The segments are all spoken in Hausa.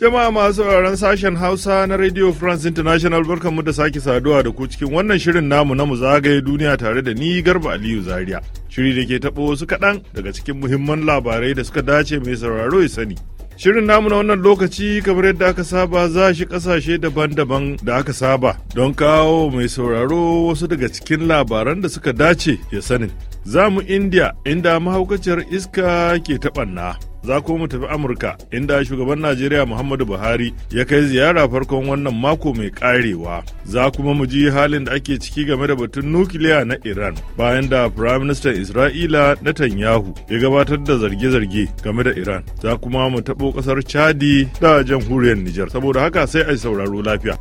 Jama'a masu sauraron sashen Hausa na Radio France International barkanmu da sake saduwa da ku cikin wannan shirin namu na mu zagaye duniya tare da ni Garba Aliyu Zaria. Shiri da ke taɓo wasu kaɗan daga cikin muhimman labarai da suka dace mai sauraro ya sani. Shirin namu na wannan lokaci kamar yadda aka saba za shi kasashe daban-daban da aka saba don kawo mai sauraro wasu daga cikin labaran da suka dace ya sani, Za mu India inda mahaukaciyar iska ke taɓanna. za kuma mu tafi amurka inda shugaban najeriya muhammadu buhari ya kai ziyara farkon wannan mako mai karewa za kuma mu ji halin da ake ciki game da batun nukiliya na iran bayan da prime minister isra'ila netanyahu ya gabatar da zarge-zarge game da iran za kuma mu taɓo ƙasar chadi da jamhuriyar nijar saboda haka sai a sauraro lafiya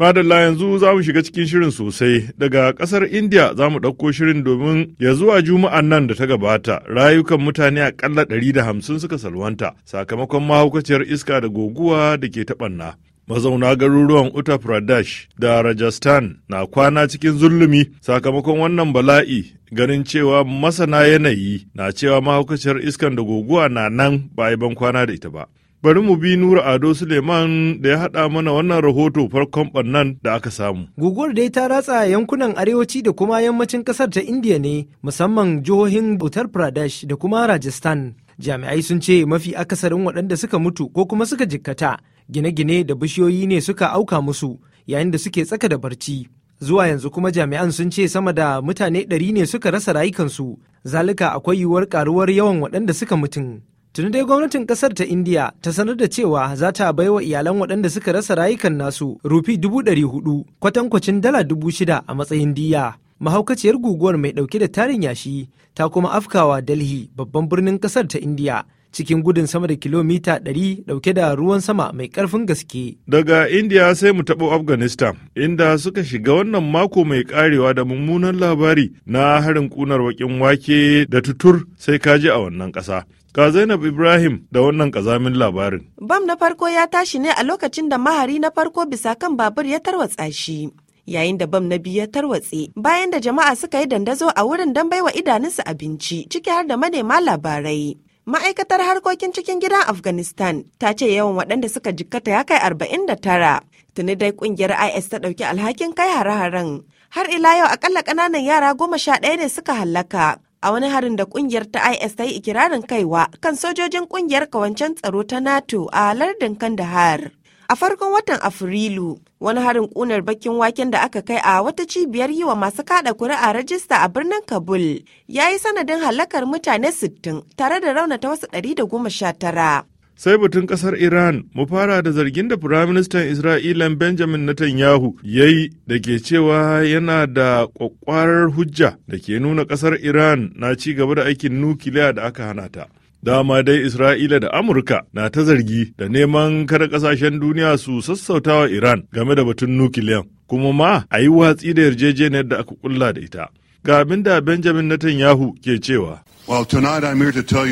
Madalla yanzu za mu shiga cikin shirin sosai daga kasar India za mu ɗauko shirin domin ya zuwa juma'an nan da ta gabata rayukan mutane aƙalla hamsin suka salwanta sakamakon mahaukaciyar iska da goguwa da ke taɓanna. Mazauna garuruwan Uttar Pradesh da Rajasthan na kwana cikin zulumi sakamakon wannan bala'i ganin cewa masana yanayi na cewa mahaukaciyar iskan da goguwa na nan ba ban kwana da ita ba. Bari mu bi Nura Ado Suleiman da ya haɗa mana wannan rahoto farkon ɓannan da aka samu. Guguwar dai ta ratsa yankunan arewaci da kuma yammacin ƙasar ta Indiya ne musamman jihohin Uttar Pradesh da kuma Rajasthan. Jami'ai sun ce mafi akasarin waɗanda suka mutu ko kuma suka jikkata gine-gine da bishiyoyi ne suka auka musu yayin da suke tsaka da barci. zuwa yanzu kuma jami'an sun ce sama da mutane ɗari ne suka rasa rayukansu zalika akwai yiwuwar ƙaruwar yawan waɗanda suka mutum tuni dai gwamnatin kasar ta indiya ta sanar da cewa za ta wa iyalan waɗanda suka rasa rayukan nasu rufi dubu ɗari hudu kwatankwacin dala dubu shida a matsayin diya mahaukaciyar guguwar mai ɗauke da tarin yashi ta kuma afkawa delhi babban birnin kasar ta indiya cikin gudun sama da kilomita 100 dauke da ruwan sama mai karfin gaske. Daga India sai mu taɓo Afghanistan, inda suka shiga wannan mako mai karewa da mummunan labari na harin kunar wakin wake da tutur sai kaji a wannan ƙasa. Ga Zainab Ibrahim da wannan kazamin labarin. Bam na farko ya tashi ne a lokacin da mahari na farko bisa kan babur ya tarwatsa shi. Yayin da bam na biyu ya tarwatse bayan da jama'a suka yi dandazo a wurin don baiwa idanunsu abinci ciki har da manema labarai. Ma'aikatar harkokin cikin gidan Afghanistan ta ce yawan waɗanda suka jikkata ya kai arba'in da tara. Tuni dai ƙungiyar IS ta ɗauki alhakin kai hare-haren. Har ila yau akalla ƙananan yara goma sha ɗaya ne suka hallaka a wani harin da kungiyar ta IS ta yi ikirarin kaiwa kan sojojin kungiyar kawancen tsaro ta NATO a lardin Kandahar. A farkon watan Afrilu, wani harin kunar bakin waken da aka kai a wata cibiyar yi wa masu kada kuri'a rajista a birnin Kabul ya yi sanadin halakar mutane 60 tare da raunata wasu 119. sai batun kasar Iran mu fara da zargin da Firaministan Isra'ila Benjamin Netanyahu ya yi da ke cewa yana da kwakwarar hujja da ke nuna kasar Iran na ci gaba da aikin nukiliya da aka hana ta. Dama dai Isra'ila da Amurka na ta zargi da neman kada kasashen duniya su sassauta wa Iran game da batun nukiliyan, kuma ma a yi watsi da yarjejeniyar da aka kulla da ita. Ga abin da Benjamin Netanyahu ke cewa. Well, tonight I'm here to tell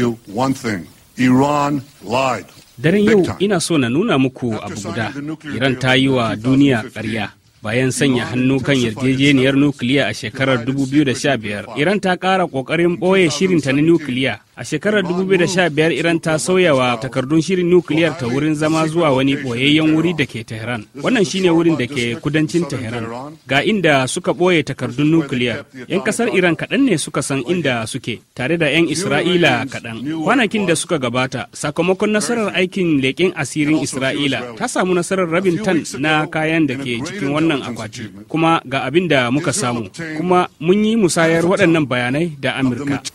Iran lied. Daren yau ina so na nuna muku abu guda. Iran ta yi wa duniya ƙarya. Bayan sanya hannu kan yarjejeniyar nukiliya a shekarar 2015, Iran ta ƙara ƙoƙarin ɓoye shirinta na nukiliya A shekarar 2015 Iran ta sauyawa takardun shirin nukiliyar ta wurin zama zuwa wani boyayyen wuri da ke Tehran. Wannan shine wurin da ke kudancin Tehran. Ga inda suka boye takardun nukiliyar. 'Yan kasar Iran kaɗan ne suka san inda suke, tare da 'yan Isra'ila kaɗan. Kwanakin da suka gabata, sakamakon nasarar aikin leƙen asirin Isra'ila ta samu nasarar rabin tan na kayan da ke cikin wannan akwati. Kuma ga abin da muka samu. Kuma mun yi musayar waɗannan bayanai da Amurka.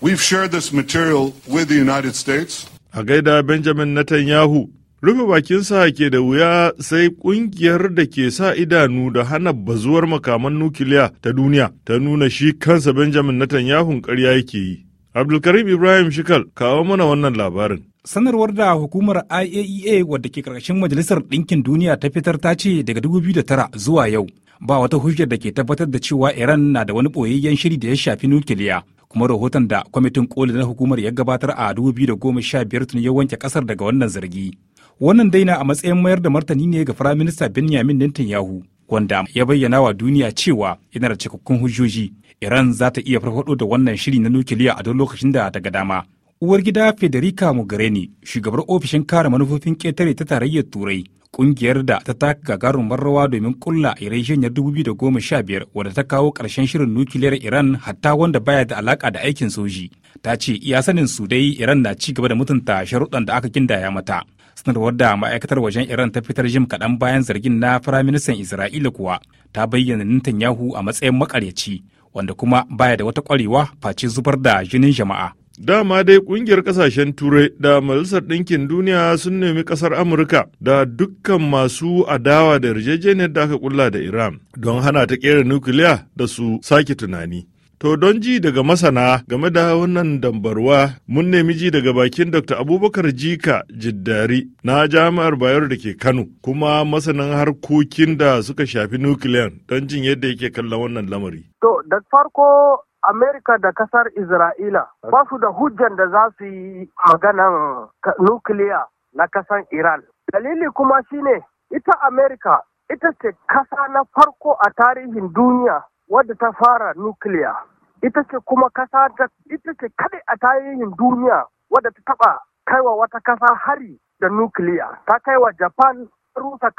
with the United States. A gaida Benjamin Netanyahu, rufe bakinsa ke da wuya sai kungiyar da ke sa idanu da hana bazuwar makaman nukiliya ta duniya ta nuna shi kansa Benjamin Netanyahu ƙarya yake yi. Abdulkarim Ibrahim Shikal kawo mana wannan labarin. Sanarwar da hukumar IAEA e wadda ke karkashin Majalisar Ɗinkin Duniya ta fitar ta ce daga 2009 zuwa yau ba wata hujjar da ke tabbatar da cewa Iran na da wani ɓoyayyen shiri da ya shafi nukiliya kuma rahoton da kwamitin koli na hukumar ya gabatar a 2015 tun ya wanke kasar daga wannan zargi wannan daina a matsayin mayar da martani ne ga firaminista benjamin netanyahu wanda ya bayyana wa duniya cewa yana da cikakkun hujjoji iran za ta iya farfado da wannan shiri na nukiliya a duk lokacin da daga dama uwar gida federica mogherini shugabar ofishin kare manufofin ƙetare ta tarayyar turai ƙungiyar da ta taka gagarumar rawa domin kulla yarjejeniyar 2015 wadda ta kawo ƙarshen shirin nukiliyar iran hatta wanda baya da alaƙa da aikin soji ta ce iya sanin su dai iran na ci gaba da mutunta sharuɗan da aka gindaya mata sanarwar da ma'aikatar wajen iran ta fitar jim kaɗan bayan zargin na firaministan isra'ila kuwa ta bayyana netanyahu a matsayin makaryaci wanda kuma baya da wata ƙwarewa face zubar da jinin jama'a Dama dai kungiyar kasashen Turai da Majalisar Ɗinkin Duniya sun nemi ƙasar Amurka da dukkan masu adawa da yarjejeniyar da aka kulla da Iran don hana ta kera nukiliya da su sake tunani. To don ji daga masana game da wannan dambarwa mun nemi ji daga bakin Dr. Abubakar Jika Jiddari na Jami'ar Bayero da ke Kano kuma masanin harkokin da suka shafi nukiliyan don jin yadda yake kallon wannan lamari. To da farko Amerika da kasar Isra'ila ba su da hujjan da za su yi maganan nukiliya na kasar Iran. Dalili kuma shine ita Amerika ita ce kasa na farko a tarihin duniya wadda ta fara nukiliya. Ita ce kuma kasa ita ce kadai a tarihin duniya wadda ta taɓa kaiwa wata kasa hari da nukiliya. Ta kaiwa Japan rusa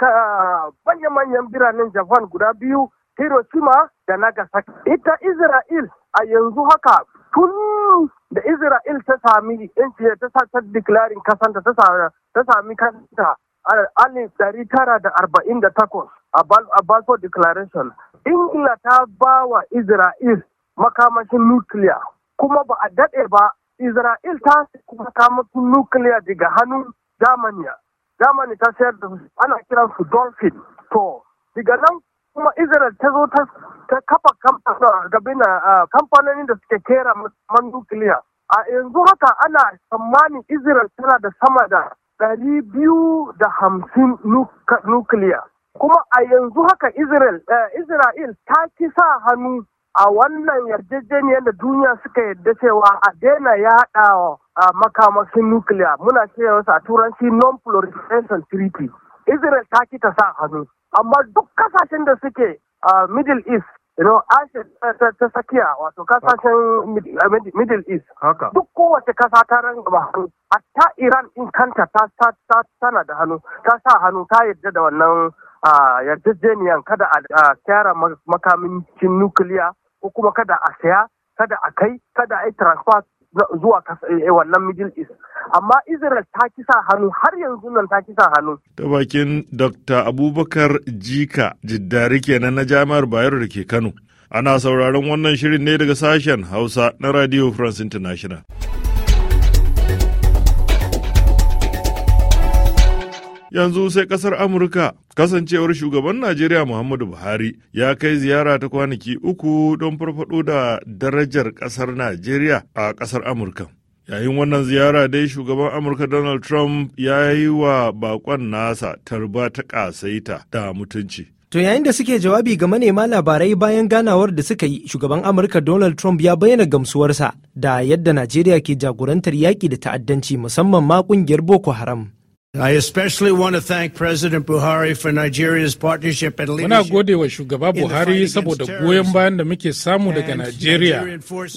manya manyan biranen Japan guda biyu Hiroshima da Nagasaki. Ita Isra'il a yanzu haka tun da Isra'il ta sami yanci ta sa ta declaring kasanta ta sami kanta alif dari tara da arba'in da takwas a Balfour Declaration. Ingila ta ba wa Isra'il makamashin nukiliya kuma ba a daɗe ba Isra'il ta makamashin nukiliya daga hannun Germany. Germany ta sayar da ana kiransu Dolphin. To, diga nan kuma israel ta zo ta kafa kamfanonin da suke kera man nukiliya a yanzu haka ana tsammanin israel tana da sama da ɗari biyu da hamsin nukiliya kuma a yanzu haka israel eh, israel ta ki sa hannu a wannan yarjejeniyar da duniya suka yadda cewa a daina yaɗa makamashin nukiliya muna cewa a turanci non-proliferation treaty israel ta ki ta sa hannu amma duk kasashen da suke a middle east you know ta tsakiya wato kasashen middle east duk kowace kasa ta rangaba hannu hatta iran in kanta ta tana da hannu ta sa hannu ta yarda da wannan yarjejeniyan kada a kyara makamancin nukiliya ko kuma kada a saya kada a kai kada a yi transfer zuwa eh, wannan middle east amma israel ta kisa hannu har yanzu nan ta kisa hannu ta bakin dr abubakar jika jiddari kenan na jami'ar bayero da ke kano ana sauraron wannan shirin ne daga sashen hausa na radio france international yanzu sai kasar amurka kasancewar shugaban najeriya muhammadu buhari ya kai ziyara ta kwanaki uku don farfado da darajar kasar najeriya a kasar amurka yayin wannan ziyara dai shugaban amurka donald trump ya yi wa bakon nasa tarba ta kasaita da mutunci To yayin da suke jawabi ga manema labarai bayan ganawar da suka yi, shugaban Amurka Donald Trump ya bayyana gamsuwarsa da yadda Najeriya ke jagorantar yaƙi da ta'addanci musamman ma ƙungiyar Boko Haram. I especially want to thank President Buhari for Nigeria's partnership and leadership. Muna gode wa shugaba Buhari saboda goyon bayan da muke samu daga Najeriya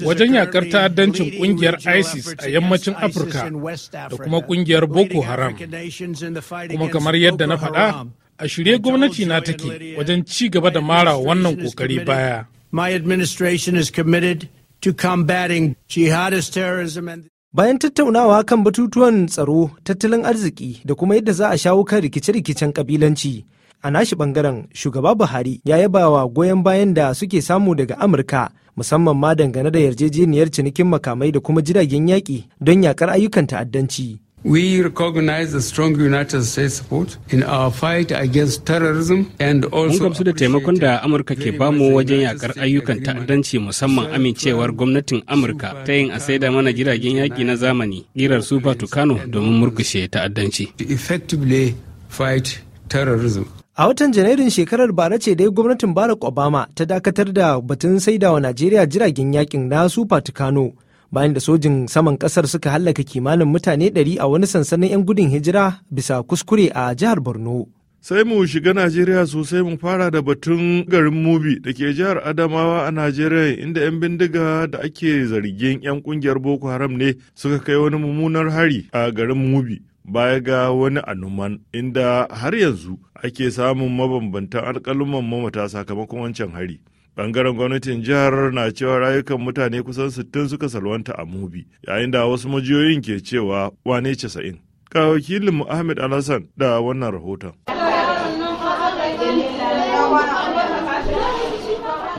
wajen yakar ta'addancin kungiyar ISIS a yammacin Afirka da kuma kungiyar Boko Haram. Kuma kamar yadda na faɗa, a shirye gwamnati na take wajen ci gaba da mara wannan kokari baya. My administration is committed to combating jihadist terrorism and Bayan tattaunawa kan batutuwan tsaro, tattalin arziki da kuma yadda za a shawo kan rikice-rikicen kabilanci. A nashi bangaren shugaba Buhari ya yaba wa goyon bayan da suke samu daga Amurka musamman ma dangane da yarjejeniyar cinikin makamai da kuma jiragen yaƙi don yaƙar ayyukan ta'addanci. We recognize the strong United States support in our fight against terrorism and also Mun gamsu da taimakon da Amurka ke bamu wajen yakar ayyukan ta'addanci musamman amincewar gwamnatin Amurka ta yin a saida mana jiragen yaki na zamani girar Super Tucano domin murkushe ta'addanci. To effectively fight terrorism. A watan Janairun shekarar bara ce dai gwamnatin Barack Obama ta dakatar da batun saida wa Najeriya jiragen yakin na Super Tucano. bayan da sojin saman kasar suka hallaka kimanin mutane 100 a wani sansanin 'yan gudun hijira bisa kuskure a jihar borno sai mu shiga najeriya sosai mu fara da batun garin mubi da ke jihar adamawa a najeriya inda 'yan bindiga da ake zargin 'yan kungiyar boko haram ne suka kai wani mummunar hari a garin mubi baya ga wani anuman inda har yanzu ake samun mabambantan alkaluman mamata sakamakon wancan hari Bangaren gwamnatin jihar na cewa rayukan mutane kusan 60 suka salwanta a Mubi, yayin da wasu majiyoyin ke cewa wane 90. Ga wakilin Ahmed Alhassan da wannan rahoton.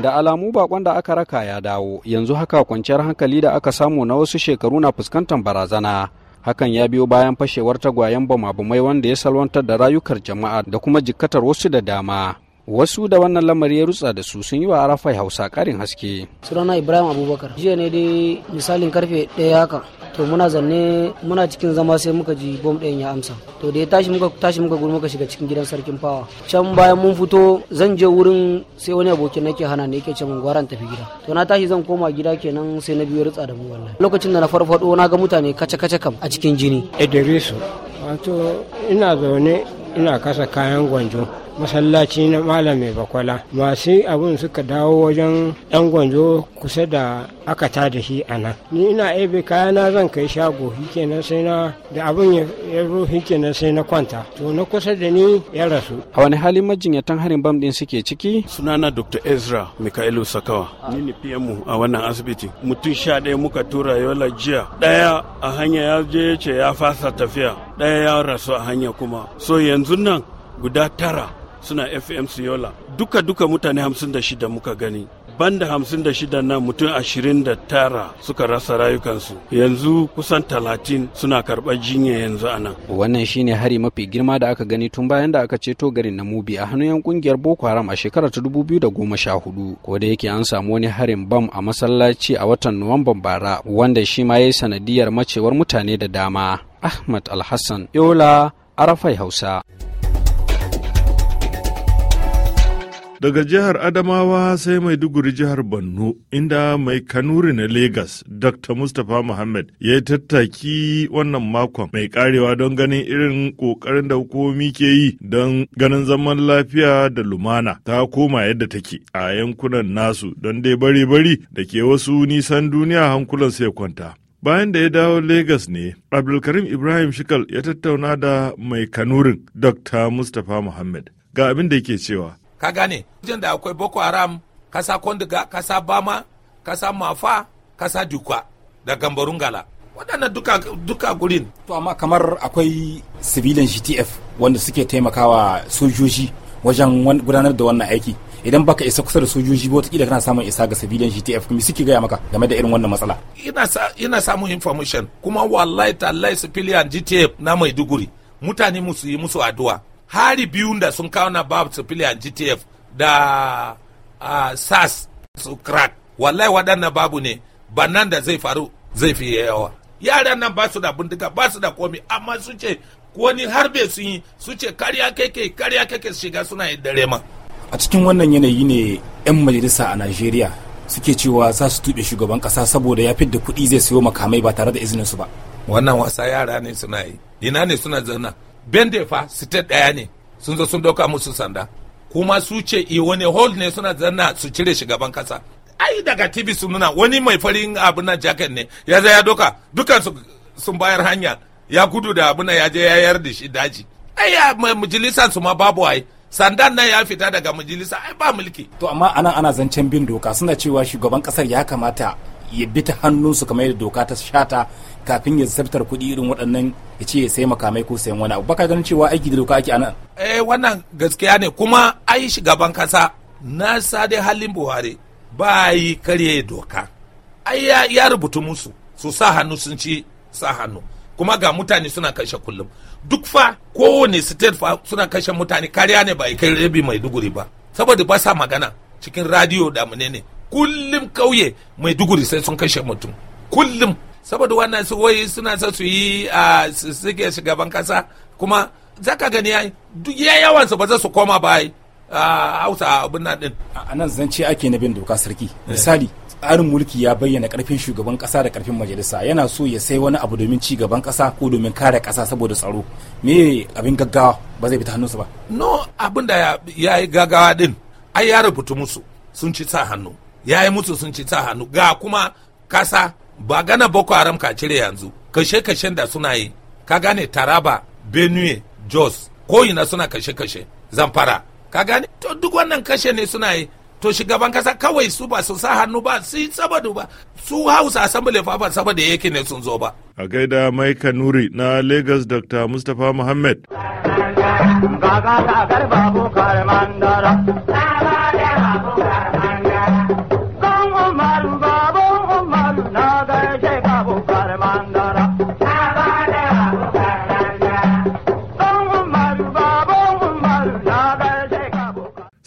da alamu bakon da aka raka ya dawo yanzu haka kwanciyar hankali da aka samu na wasu shekaru na fuskantar barazana hakan ya biyo bayan fashewar tagwayen bama-bamai wanda ya salwantar da rayukar jama'a da kuma jikkatar wasu da dama wasu da wannan lamari ya rutsa da su sun yi wa arafai hausa karin haske sunana ibrahim abubakar jiya ne dai misalin karfe daya haka to muna zanne muna cikin zama sai muka ji bom ɗayan ya amsa to da ya tashi muka tashi muka gudu muka shiga cikin gidan sarkin fawa can bayan mun fito zan je wurin sai wani abokin nake hana ne yake ce mun gwaran tafi gida to na tashi zan koma gida kenan sai na biyo rutsa da mu wallahi lokacin da na farfado na ga mutane kace kace kam a cikin jini Idrisu wato ina zaune ina kasa kayan gwanjo masallaci na malami bakwala masu abun suka dawo wajen yan gwanjo kusa da aka ta da shi a nan ni ina ebe kayana zan kai shago shikenan sai na da abun ya zo shikenan sai na kwanta to na kusa da ni ya rasu a wani halin majinyatan harin bam din suke ciki sunana dr ezra mikaelu sakawa ni ne pm a wannan asibiti mutum sha ɗaya muka tura yola jiya ɗaya a hanya ya je ya ce ya fasa tafiya ɗaya ya rasu a hanya kuma so yanzu nan guda tara suna fm Yola duka duka mutane 56 muka gani banda 56 nan mutum 29 suka rasa rayukansu yanzu kusan 30 suna karɓar jinya yanzu anan wannan shine hari mafi girma da aka gani tun bayan da aka ceto garin mubi a hannun yan kungiyar boko haram a shekarar ta 2014 ko da yake an samu wani harin bam a masallaci a watan nuwamban bara wanda shi ma yayi sanadiyar macewar mutane da dama ahmad alhassan yola arafai hausa Daga jihar Adamawa sai Maiduguri jihar Borno inda mai kanuri na Legas Dr. Mustapha Muhammad ya yi tattaki wannan makon mai karewa don ganin irin kokarin da hukumomi ke yi don ganin zaman lafiya da lumana ta koma yadda take a yankunan nasu don dai bari-bari da ke wasu nisan duniya hankulansu ya kwanta. bayan da ya dawo Legas ne, Abdulkarim Ibrahim Shikal ya tattauna da mai kanurin Dr. Mustapha Muhammad. Ga abin da yake cewa. ka gane wajen da akwai boko haram kasa kondiga kasa bama kasa mafa kasa dukwa da gambarun gala waɗannan duka, gurin to amma kamar akwai sibilan gtf wanda suke taimakawa sojoji wajen gudanar da wannan aiki idan baka isa kusa da sojoji ba wataƙila kana samun isa ga sibilan gtf kuma suke gaya maka game da irin wannan matsala ina samun information kuma wallahi tallahi civilian gtf na maiduguri mutane musu yi musu addu'a hari biyu da sun kawo na Bob Civilian GTF da uh, SAS su crack wallahi waɗannan babu ne bannan da zai faru zai fi yawa yaran nan ba su da bindiga ba su da komi amma su ce wani harbe sun yi su ce karya keke karya keke shiga suna yin dare ma a cikin wannan yanayi ne 'yan majalisa a najeriya suke cewa za su tuɓe shugaban ƙasa saboda ya fidda kuɗi zai sayo makamai ba tare da izinin su ba wannan wasa yara ne suna yi ina ne suna zauna bende fa state ɗaya ne sun zo sun ɗauka musu sanda kuma su ce i eh, wani hold ne suna zanna su cire shugaban kasa ai daga tv sun nuna wani mai farin abu na jacket ne ya zai ya doka dukan sun bayar hanya ya gudu da abu na ya je ya da shi daji ai ya majalisar su ma babu ai sandan nan ya fita daga majalisa ai ba mulki to amma anan ana zancen bin doka suna cewa shugaban kasar ya kamata ya bi ta hannunsu kamar yadda doka ta shata kafin ya zartar kuɗi irin waɗannan ya ce ya sai makamai ko sayan wani abu baka ganin cewa aiki da doka ake anan eh wannan gaskiya ne kuma ai shugaban kasa na sade halin buhari ba yi karye doka ai ya rubutu musu su sa hannu sun ci sa hannu kuma ga mutane suna kashe kullum duk fa kowane state fa suna kashe mutane kariya ne ba yi. kai rabi mai duguri ba saboda ba sa magana cikin radio da ne kullum kauye mai duguri sai sun kashe mutum kullum saboda wannan su wai suna sa su yi a suke shugaban kasa kuma zaka gani ya duk ya su ba za su koma ba a hausa abin nan din a nan zance ake na bin doka sarki misali tsarin mulki ya bayyana karfin shugaban kasa da karfin majalisa yana so ya sai wani abu domin ci gaban kasa ko domin kare kasa saboda tsaro me abin gaggawa ba zai fita hannunsa ba no abin da ya yi gaggawa din ai ya rubutu musu sun ci sa hannu ya yi musu sun ci sa hannu ga kuma kasa ba gana boko haram ka cire yanzu kashe-kashen da suna yi ka gane taraba benue jos ko ina suna kashe-kashe zamfara ka gane to duk wannan kashe ne suna yi to shugaban kasa kawai su ba su sa hannu ba su sabadu ba su hausa assembly fafa saboda yake ne sun zo ba a gaida mai kanuri na lagos dr mustapha muhammad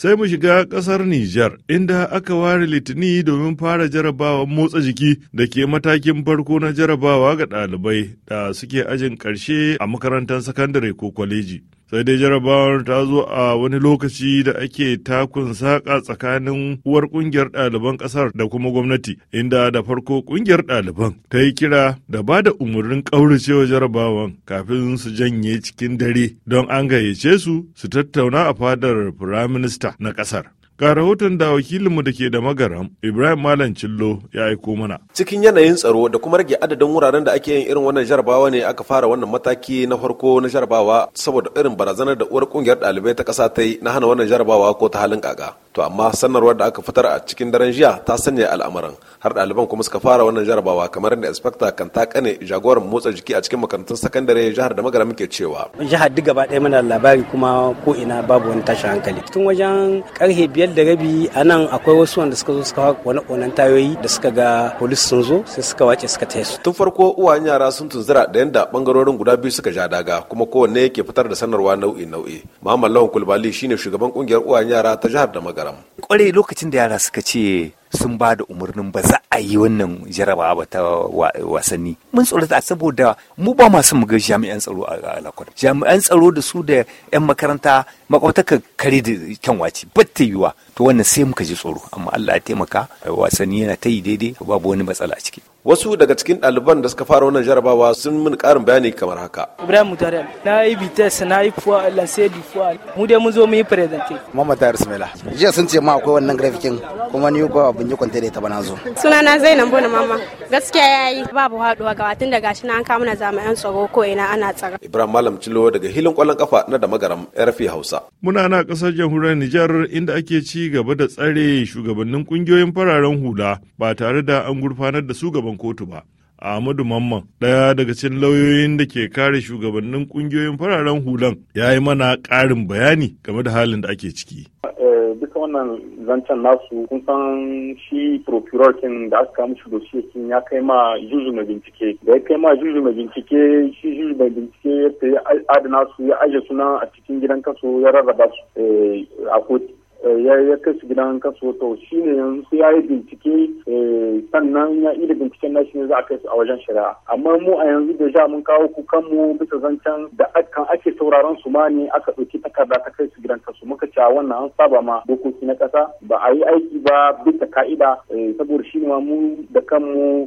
sai mu shiga kasar Nijar, inda aka ware litini domin fara jarabawa motsa jiki da ke matakin farko na jarabawa ga ɗalibai da suke ajin ƙarshe a makarantar sakandare ko kwaleji. sai dai jarabawar ta zo a wani lokaci da ake takun saƙa tsakanin uwar ƙungiyar ɗaliban ƙasar da kuma gwamnati inda da farko ƙungiyar ɗaliban ta yi kira da ba da umarnin ƙauracewa jarabawan kafin su janye cikin dare don an gayyace su su tattauna a fadar firaminista na ƙasar. Ga rahoton da wakilinmu da ke da magaram Ibrahim Malam Cillo ya aiko mana. Cikin yanayin tsaro da kuma rage adadin wuraren da ake yin irin wannan jarabawa ne aka fara wannan mataki na farko na jarabawa saboda irin barazanar da uwar kungiyar ɗalibai ta ƙasa ta yi na hana wannan jarabawa ko ta halin kaka. to amma sanarwar da aka fitar a cikin daren jiya ta sanya al'amuran har ɗaliban kuma suka fara wannan jarabawa kamar da inspector kan ta kane jagoran motsa jiki a cikin makarantun sakandare jihar da magara muke cewa jihar duk gaba ɗaya mana labari kuma ko ina babu wani tashin hankali tun wajen karfe biyar da rabi a nan akwai wasu wanda suka zo suka wani ƙonan tayoyi da suka ga polis sun zo sai suka wace suka taya su tun farko uwayen yara sun tunzura da yanda bangarorin guda biyu suka ja daga kuma kowanne yake fitar da sanarwa nau'i nau'i mamallawan kulbali shine shugaban kungiyar uwayen yara ta jihar da magara garam kwarai lokacin da yara suka ce sun ba da umarnin ba za a yi wannan jarabawa ba ta wasanni mun tsorata saboda mu ba masu ga jami'an tsaro a alakwar jami'an tsaro da su da 'yan makaranta makwataka kare da kyanwaci ba ta yiwa to wannan sai muka ji tsoro amma Allah ya taimaka wasanni yana ta yi daidai babu wani matsala a ciki wasu daga cikin ɗaliban da suka fara wannan jarabawa sun min ƙarin bayani kamar haka ibrahim mutare na yi bites na yi fuwa lance di fuwa mu dai mun zo mu yi presente mama tayar smela jiya sun ce ma akwai wannan grafikin kuma ni ba abin yi kwanta da ita Suna na zai sunana bona mama gaskiya ya yi. babu haɗuwa ga tun da shi na an kama na 'yan tsaro ko ina ana tsara ibrahim malam cilo daga hilin kwallon kafa na da magaram rfi hausa muna na kasar jamhuriyar nijar inda ake ci gaba da tsare shugabannin kungiyoyin fararen hula ba tare da an gurfanar da su gaban gaban kotu ba. Ahmadu Mamman, ɗaya daga cikin lauyoyin da ke kare shugabannin ƙungiyoyin fararen hulan, ya yi mana ƙarin bayani game da halin da ake ciki. Eh, duka wannan zancen nasu kun san shi procureur da aka musu dosiye kin ya kai ma juju mai bincike da ya kai ma juju mai bincike shi juju mai bincike ya adana su ya ajiye suna a cikin gidan kaso ya rarraba su eh, a kotu Eh, ya kai shi gidan kasu to shi ne yanzu ya yi bincike eh, sannan ya ida binciken nashi ne za a kai su a wajen shari'a amma mu a yanzu da ja mun kawo kukan mu bisa zancen da akan ake sauraron su ma ne aka ɗauki takarda ta kai su gidan kasu muka a wannan an saba ma dokoki na ƙasa ba a yi aiki ba bisa ka'ida eh, saboda shi ne ma mu da kanmu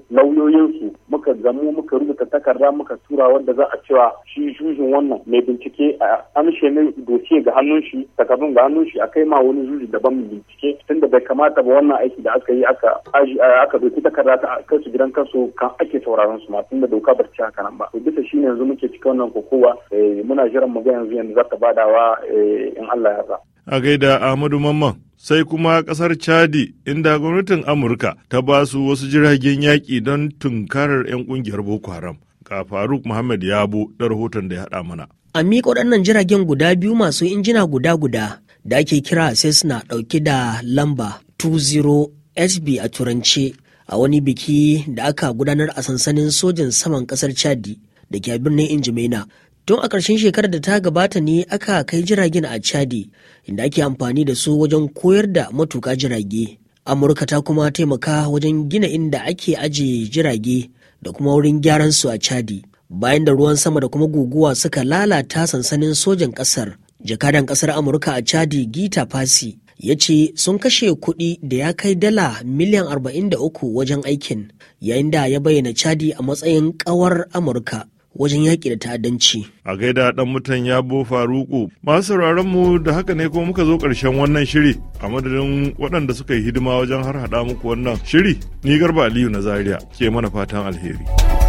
su muka zamu muka rubuta takarda muka tura wanda za a cewa shi jujin wannan mai bincike a amshe ne dosiye ga hannun shi takardun ga hannun shi a kai ma wani juri daban mu bincike tunda bai kamata ba wannan aiki da aka yi aka eh, aka dauki takarda ta kansu gidan kansu kan ake sauraron su ma tunda doka bar ci haka nan ba to bisa shine yanzu muke cikin wannan kokowa eh, muna jiran mu ga yanzu yanzu za ta badawa eh, in Allah ya sa a gaida Ahmadu Mamman sai kuma kasar Chadi inda gwamnatin Amurka ta ba su wasu jiragen yaƙi don tunkarar 'yan kungiyar Boko Haram. Ka Faruk Muhammad Yabo da rahoton da ya haɗa mana. A miƙa waɗannan jiragen guda biyu masu injina guda-guda da ake kira sai suna ɗauki da lamba 20 hb a turance a wani biki da aka gudanar a sansanin sojin saman kasar chadi da ke birnin injimena tun a ƙarshen shekarar da ta gabata ne aka kai jiragen a chadi inda ake amfani da su wajen koyar da matuka jirage amurka ta kuma taimaka wajen gina inda ake aje jirage da kuma wurin gyaran su a chadi bayan da ruwan sama da kuma guguwa suka lalata sansanin sojan kasar. jakadan kasar amurka a chadi gita fasi ya ce sun kashe kuɗi da ya kai dala miliyan 43 wajen aikin yayin da ya bayyana chadi a matsayin kawar amurka wajen yaƙi da ta'addanci. A gaida ɗan mutan bo faruku masu sauraron mu da haka ne kuma muka zo ƙarshen wannan shiri a madadin waɗanda suka yi hidima wajen har haɗa muku wannan shiri ni garba Aliyu na Zaria ke mana fatan alheri.